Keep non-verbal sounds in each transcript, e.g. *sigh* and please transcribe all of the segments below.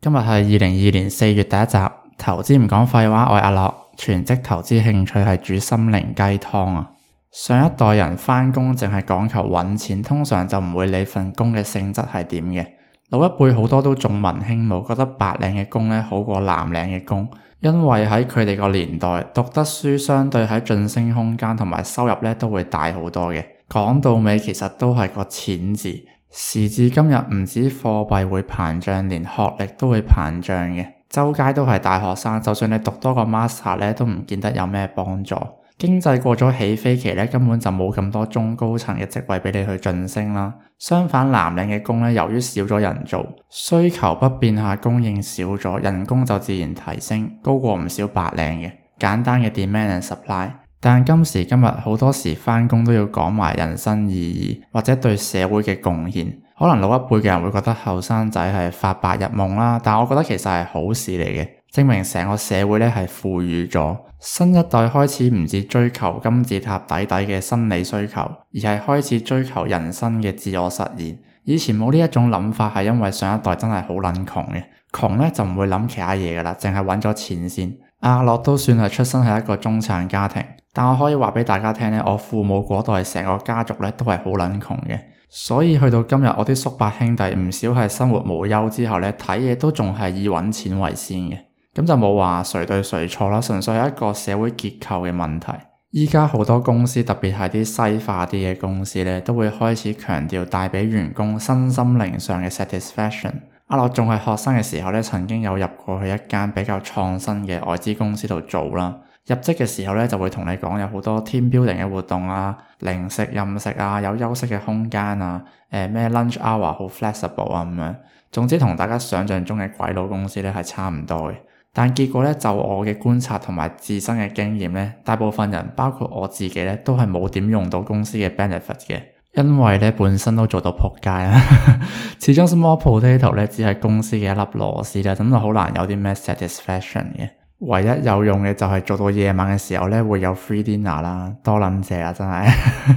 今日係二零二二年四月第一集，投資唔講廢話。我係阿樂，全職投資，興趣係煮心靈雞湯啊。上一代人翻工淨係講求揾錢，通常就唔會理會份工嘅性質係點嘅。老一輩好多都重文輕武，覺得白領嘅工咧好過藍領嘅工，因為喺佢哋個年代，讀得書相對喺晉升空間同埋收入咧都會大好多嘅。講到尾，其實都係個錢字。時至今日，唔止貨幣會膨脹，連學歷都會膨脹嘅。周街都係大學生，就算你讀多個 master 咧，都唔見得有咩幫助。經濟過咗起飛期咧，根本就冇咁多中高層嘅職位俾你去晉升啦。相反，藍領嘅工咧，由於少咗人做，需求不變下，供應少咗，人工就自然提升，高過唔少白領嘅。簡單嘅 demand and supply。但今時今日，好多時翻工都要講埋人生意義或者對社會嘅貢獻，可能老一輩嘅人會覺得後生仔係發白日夢啦。但我覺得其實係好事嚟嘅，證明成個社會咧係富裕咗，新一代開始唔止追求金字塔底底嘅生理需求，而係開始追求人生嘅自我實現。以前冇呢一種諗法，係因為上一代真係好撚窮嘅，窮咧就唔會諗其他嘢噶啦，淨係揾咗錢先。阿樂都算係出生喺一個中產家庭。但我可以話俾大家聽咧，我父母嗰代成個家族咧都係好撚窮嘅，所以去到今日，我啲叔伯兄弟唔少係生活無憂之後咧，睇嘢都仲係以揾錢為先嘅，咁就冇話誰對誰錯啦，純粹係一個社會結構嘅問題。依家好多公司，特別係啲西化啲嘅公司咧，都會開始強調帶畀員工身心靈上嘅 satisfaction。阿樂仲係學生嘅時候咧，曾經有入過去一間比較創新嘅外資公司度做啦。入職嘅時候咧，就會同你講有好多 team building 嘅活動啊、零食、任食啊、有休息嘅空間啊、誒、呃、咩 lunch hour 好 flexible 啊咁樣。總之同大家想像中嘅鬼佬公司咧係差唔多嘅。但結果咧，就我嘅觀察同埋自身嘅經驗咧，大部分人包括我自己咧，都係冇點用到公司嘅 benefit 嘅，因為咧本身都做到仆街啦。 *laughs* 始終 small potato 咧只係公司嘅一粒螺絲啦，咁就好難有啲咩 satisfaction 嘅。唯一有用嘅就係做到夜晚嘅時候咧，會有 free dinner 啦，多撚謝啊！真係 *laughs*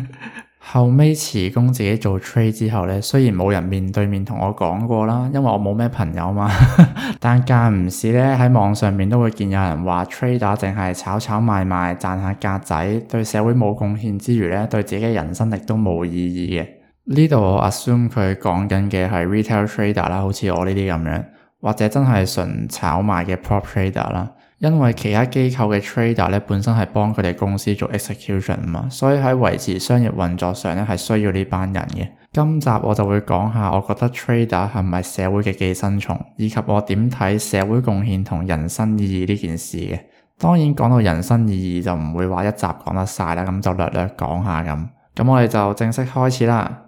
後尾辭工自己做 trade 之後咧，雖然冇人面對面同我講過啦，因為我冇咩朋友嘛， *laughs* 但間唔時咧喺網上面都會見有人話 trader 啊，淨係炒炒賣賣賺下格仔，對社會冇貢獻之餘咧，對自己嘅人生亦都冇意義嘅。呢度我 assume 佢講緊嘅係 retail trader 啦，好似我呢啲咁樣，或者真係純炒賣嘅 prop trader 啦。因為其他機構嘅 trader 咧，本身係幫佢哋公司做 execution 啊嘛，所以喺維持商業運作上咧，係需要呢班人嘅。今集我就會講下，我覺得 trader 係咪社會嘅寄生蟲，以及我點睇社會貢獻同人生意義呢件事嘅。當然講到人生意義就唔會話一集講得晒啦，咁就略略講下咁。咁我哋就正式開始啦。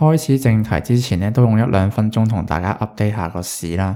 開始正題之前咧，都用一兩分鐘同大家 update 下個市啦。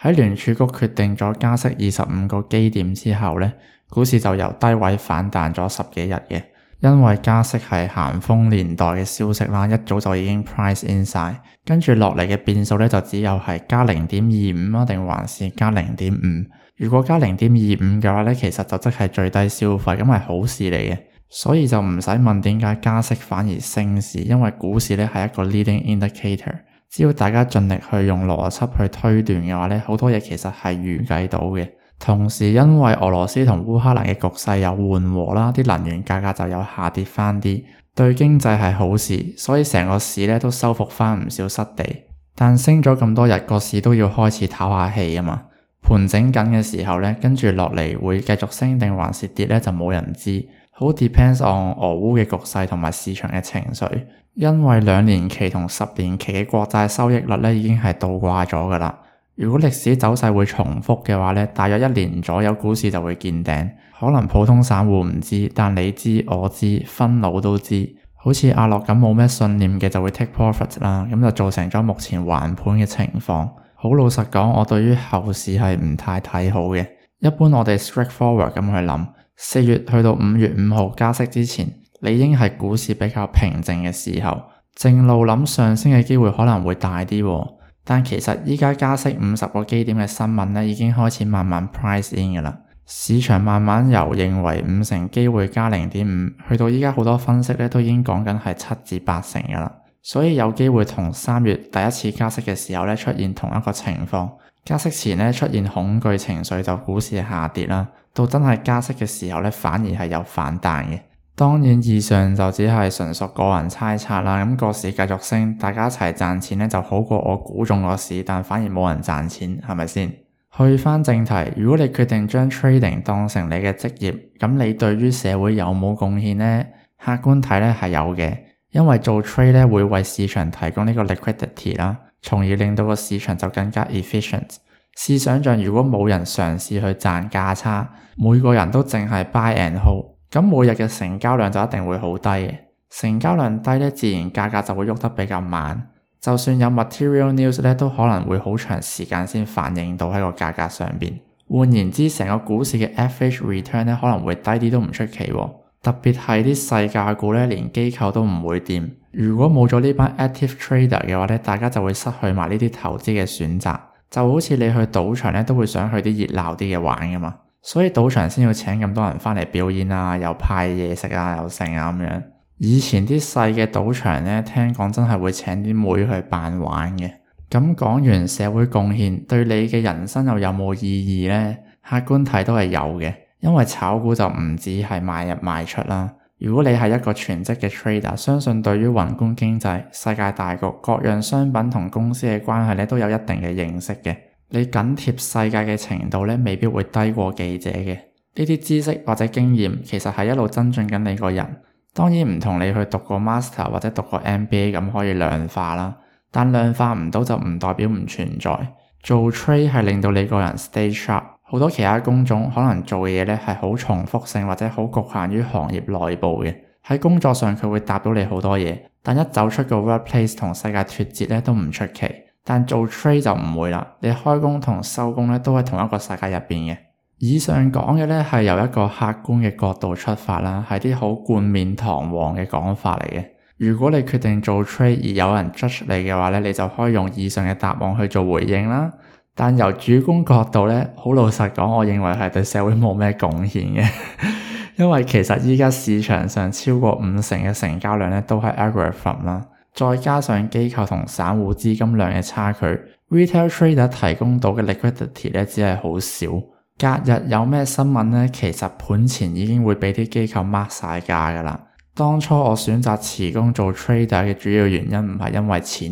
喺聯儲局決定咗加息二十五個基點之後呢，股市就由低位反彈咗十幾日嘅，因為加息係咸豐年代嘅消息啦，一早就已經 price in 曬，跟住落嚟嘅變數呢，就只有係加零點二五啊，定還是加零點五？如果加零點二五嘅話呢，其實就即係最低消費，咁係好事嚟嘅。所以就唔使問點解加息反而升市？因為股市咧係一個 leading indicator。只要大家盡力去用邏輯去推斷嘅話咧，好多嘢其實係預計到嘅。同時，因為俄羅斯同烏克蘭嘅局勢有緩和啦，啲能源價格就有下跌翻啲，對經濟係好事。所以成個市咧都收復翻唔少失地。但升咗咁多日，個市都要開始唞下氣啊嘛。盤整緊嘅時候咧，跟住落嚟會繼續升定還是跌咧，就冇人知。好 depends on 俄烏嘅局勢同埋市場嘅情緒，因為兩年期同十年期嘅國債收益率咧已經係倒掛咗㗎喇。如果歷史走勢會重複嘅話咧，大約一年左右股市就會見頂。可能普通散戶唔知，但你知我知，分佬都知。好似阿樂咁冇咩信念嘅就會 take profit 啦，咁就造成咗目前橫盤嘅情況。好老實講，我對於後市係唔太睇好嘅。一般我哋 straightforward 咁去諗。四月去到五月五號加息之前，理應係股市比較平靜嘅時候，正路諗上升嘅機會可能會大啲。但其實依家加息五十個基點嘅新聞呢，已經開始慢慢 price in 噶啦，市場慢慢由認為五成機會加零點五，去到依家好多分析呢，都已經講緊係七至八成噶啦。所以有機會同三月第一次加息嘅時候呢，出現同一個情況，加息前呢，出現恐懼情緒就股市下跌啦。到真係加息嘅時候呢，反而係有反彈嘅。當然，以上就只係純屬個人猜測啦。咁個市繼續升，大家一齊賺錢呢就好過我估中個市，但反而冇人賺錢，係咪先？去翻正題，如果你決定將 trading 當成你嘅職業，咁你對於社會有冇貢獻呢？客觀睇呢係有嘅，因為做 trade 呢會為市場提供呢個 liquidity 啦，從而令到個市場就更加 efficient。試想象，如果冇人嘗試去賺價差，每個人都淨係 buy and hold，咁每日嘅成交量就一定會好低嘅。成交量低咧，自然價格就會喐得比較慢。就算有 material news 咧，都可能會好長時間先反映到喺個價格上邊。換言之，成個股市嘅 average return 咧，可能會低啲都唔出奇喎。特別係啲細價股咧，連機構都唔會掂。如果冇咗呢班 active trader 嘅話咧，大家就會失去埋呢啲投資嘅選擇。就好似你去賭場咧，都會想去啲熱鬧啲嘅玩噶嘛，所以賭場先要請咁多人翻嚟表演啊，又派嘢食啊，又剩啊咁樣。以前啲細嘅賭場咧，聽講真係會請啲妹妹去扮玩嘅。咁講完社會貢獻，對你嘅人生又有冇意義咧？客觀睇都係有嘅，因為炒股就唔止係買入賣出啦。如果你係一個全職嘅 trader，相信對於宏觀經濟、世界大局、各樣商品同公司嘅關係咧都有一定嘅認識嘅，你緊貼世界嘅程度咧未必會低過記者嘅。呢啲知識或者經驗其實係一路增進緊你個人。當然唔同你去讀過 master 或者讀過 MBA 咁可以量化啦，但量化唔到就唔代表唔存在。做 trade 係令到你個人 stay sharp。好多其他工種可能做嘅嘢咧係好重複性或者好局限於行業內部嘅，喺工作上佢會答到你好多嘢，但一走出個 workplace 同世界脫節咧都唔出奇，但做 trade 就唔會啦。你開工同收工咧都喺同一個世界入邊嘅。以上講嘅咧係由一個客觀嘅角度出發啦，係啲好冠冕堂皇嘅講法嚟嘅。如果你決定做 trade 而有人 judge 你嘅話咧，你就可以用以上嘅答案去做回應啦。但由主觀角度咧，好老實講，我認為係對社會冇咩貢獻嘅， *laughs* 因為其實依家市場上超過五成嘅成交量咧都係 algorithm 啦，再加上機構同散戶資金量嘅差距，retail trader 提供到嘅 liquidity 咧只係好少。隔日有咩新聞咧，其實盤前已經會俾啲機構 mark 晒價噶啦。當初我選擇辭工做 trader 嘅主要原因唔係因為錢，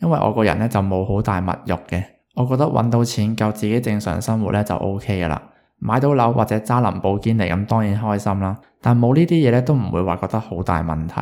因為我個人咧就冇好大物慾嘅。我覺得揾到錢夠自己正常生活咧就 O K 㗎喇，買到樓或者揸林寶堅尼咁當然開心啦。但冇呢啲嘢咧都唔會話覺得好大問題。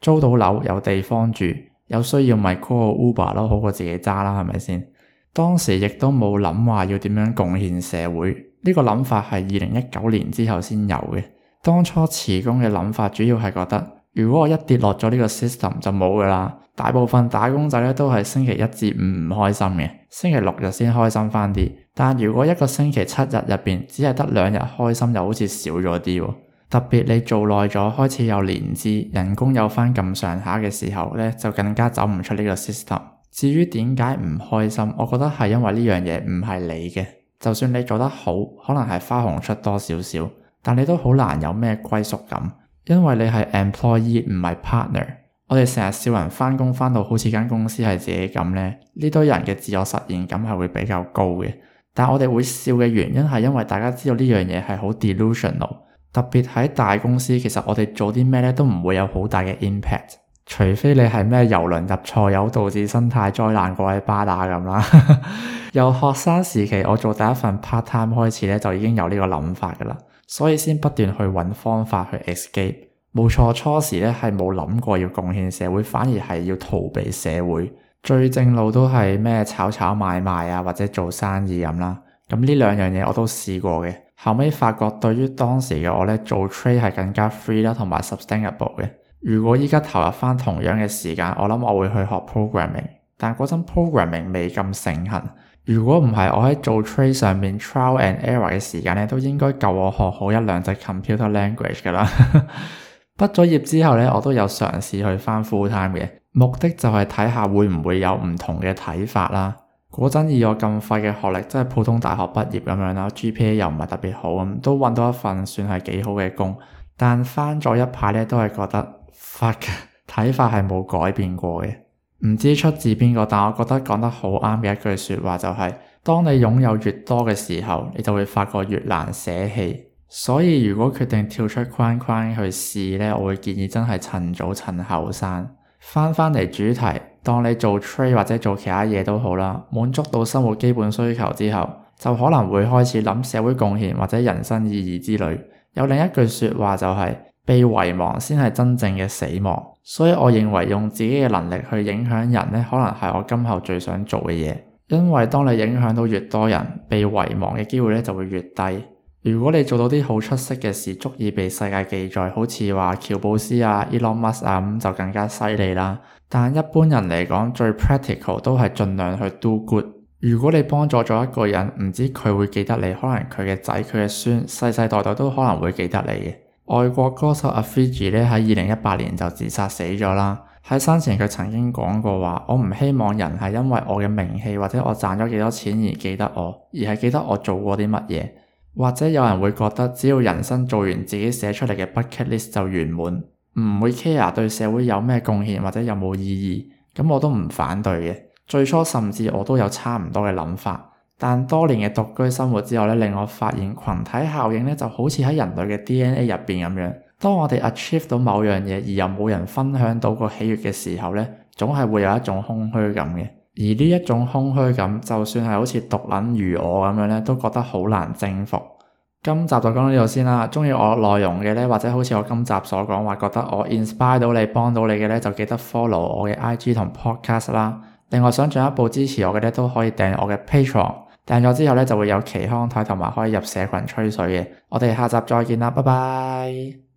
租到樓有地方住，有需要咪 call Uber 咯，好過自己揸啦，係咪先？當時亦都冇諗話要點樣貢獻社會。呢個諗法係二零一九年之後先有嘅。當初辭工嘅諗法主要係覺得。如果我一跌落咗呢個 system 就冇噶啦，大部分打工仔咧都係星期一至五唔開心嘅，星期六日先開心翻啲。但如果一個星期七日入邊只係得兩日開心，又好似少咗啲。特別你做耐咗，開始有年資，人工有翻咁上下嘅時候咧，就更加走唔出呢個 system。至於點解唔開心，我覺得係因為呢樣嘢唔係你嘅。就算你做得好，可能係花紅出多少少，但你都好難有咩歸屬感。因為你係 employee 唔係 partner，我哋成日笑人返工返到好似間公司係自己咁咧，呢堆人嘅自我實現感係會比較高嘅。但我哋會笑嘅原因係因為大家知道呢樣嘢係好 delusional，特別喺大公司，其實我哋做啲咩咧都唔會有好大嘅 impact，除非你係咩遊輪入錯，有導致生態災難嗰位巴打咁啦。 *laughs* 由學生時期我做第一份 part time 開始咧，就已經有呢個諗法㗎喇。所以先不斷去揾方法去 escape。冇錯，初時咧係冇諗過要貢獻社會，反而係要逃避社會。最正路都係咩炒炒買賣啊，或者做生意咁啦。咁呢兩樣嘢我都試過嘅。後尾發覺對於當時嘅我咧，做 trade 係更加 free 啦，同埋 sustainable 嘅。如果依家投入翻同樣嘅時間，我諗我會去學 programming。但嗰陣 programming 未咁盛行。如果唔係，我喺做 trade 上面 trial and error 嘅時間咧，都應該夠我學好一兩隻 computer language 噶啦。 *laughs* 畢咗業之後咧，我都有嘗試去翻 full time 嘅，目的就係睇下會唔會有唔同嘅睇法啦。嗰陣以我咁廢嘅學歷，即係普通大學畢業咁樣啦，GPA 又唔係特別好，咁都揾到一份算係幾好嘅工。但翻咗一排咧，都係覺得睇法係冇改變過嘅。唔知出自邊個，但我覺得講得好啱嘅一句說話就係：當你擁有越多嘅時候，你就會發覺越難捨棄。所以如果決定跳出框框去試呢，我會建議真係趁早趁後生。翻返嚟主題，當你做 trade 或者做其他嘢都好啦，滿足到生活基本需求之後，就可能會開始諗社會貢獻或者人生意義之類。有另一句說話就係。被遺忘先係真正嘅死亡，所以我認為用自己嘅能力去影響人呢，可能係我今後最想做嘅嘢。因為當你影響到越多人，被遺忘嘅機會呢就會越低。如果你做到啲好出色嘅事，足以被世界記載，好似話喬布斯啊、Elon Musk 啊咁就更加犀利啦。但一般人嚟講，最 practical 都係盡量去 do good。如果你幫助咗一個人，唔知佢會記得你，可能佢嘅仔、佢嘅孫，世世代代都可能會記得你嘅。外國歌手 Avicii 呢喺二零一八年就自殺死咗啦。喺生前佢曾經講過話：我唔希望人係因為我嘅名氣或者我賺咗幾多錢而記得我，而係記得我做過啲乜嘢。或者有人會覺得只要人生做完自己寫出嚟嘅 bucket list 就圓滿，唔會 care 對社會有咩貢獻或者有冇意義。咁我都唔反對嘅。最初甚至我都有差唔多嘅諗法。但多年嘅獨居生活之後咧，令我發現群體效應咧就好似喺人類嘅 DNA 入邊咁樣。當我哋 achieve 到某樣嘢，而又冇人分享到個喜悅嘅時候咧，總係會有一種空虛感嘅。而呢一種空虛感，就算係好似獨撚如我咁樣咧，都覺得好難征服。今集就講到呢度先啦。鍾意我內容嘅咧，或者好似我今集所講話，覺得我 inspire 到你、幫到你嘅咧，就記得 follow 我嘅 IG 同 podcast 啦。另外想進一步支持我嘅咧，都可以訂我嘅 Patreon。訂咗之後咧，就會有奇康台，同埋可以入社群吹水嘅。我哋下集再見啦，拜拜。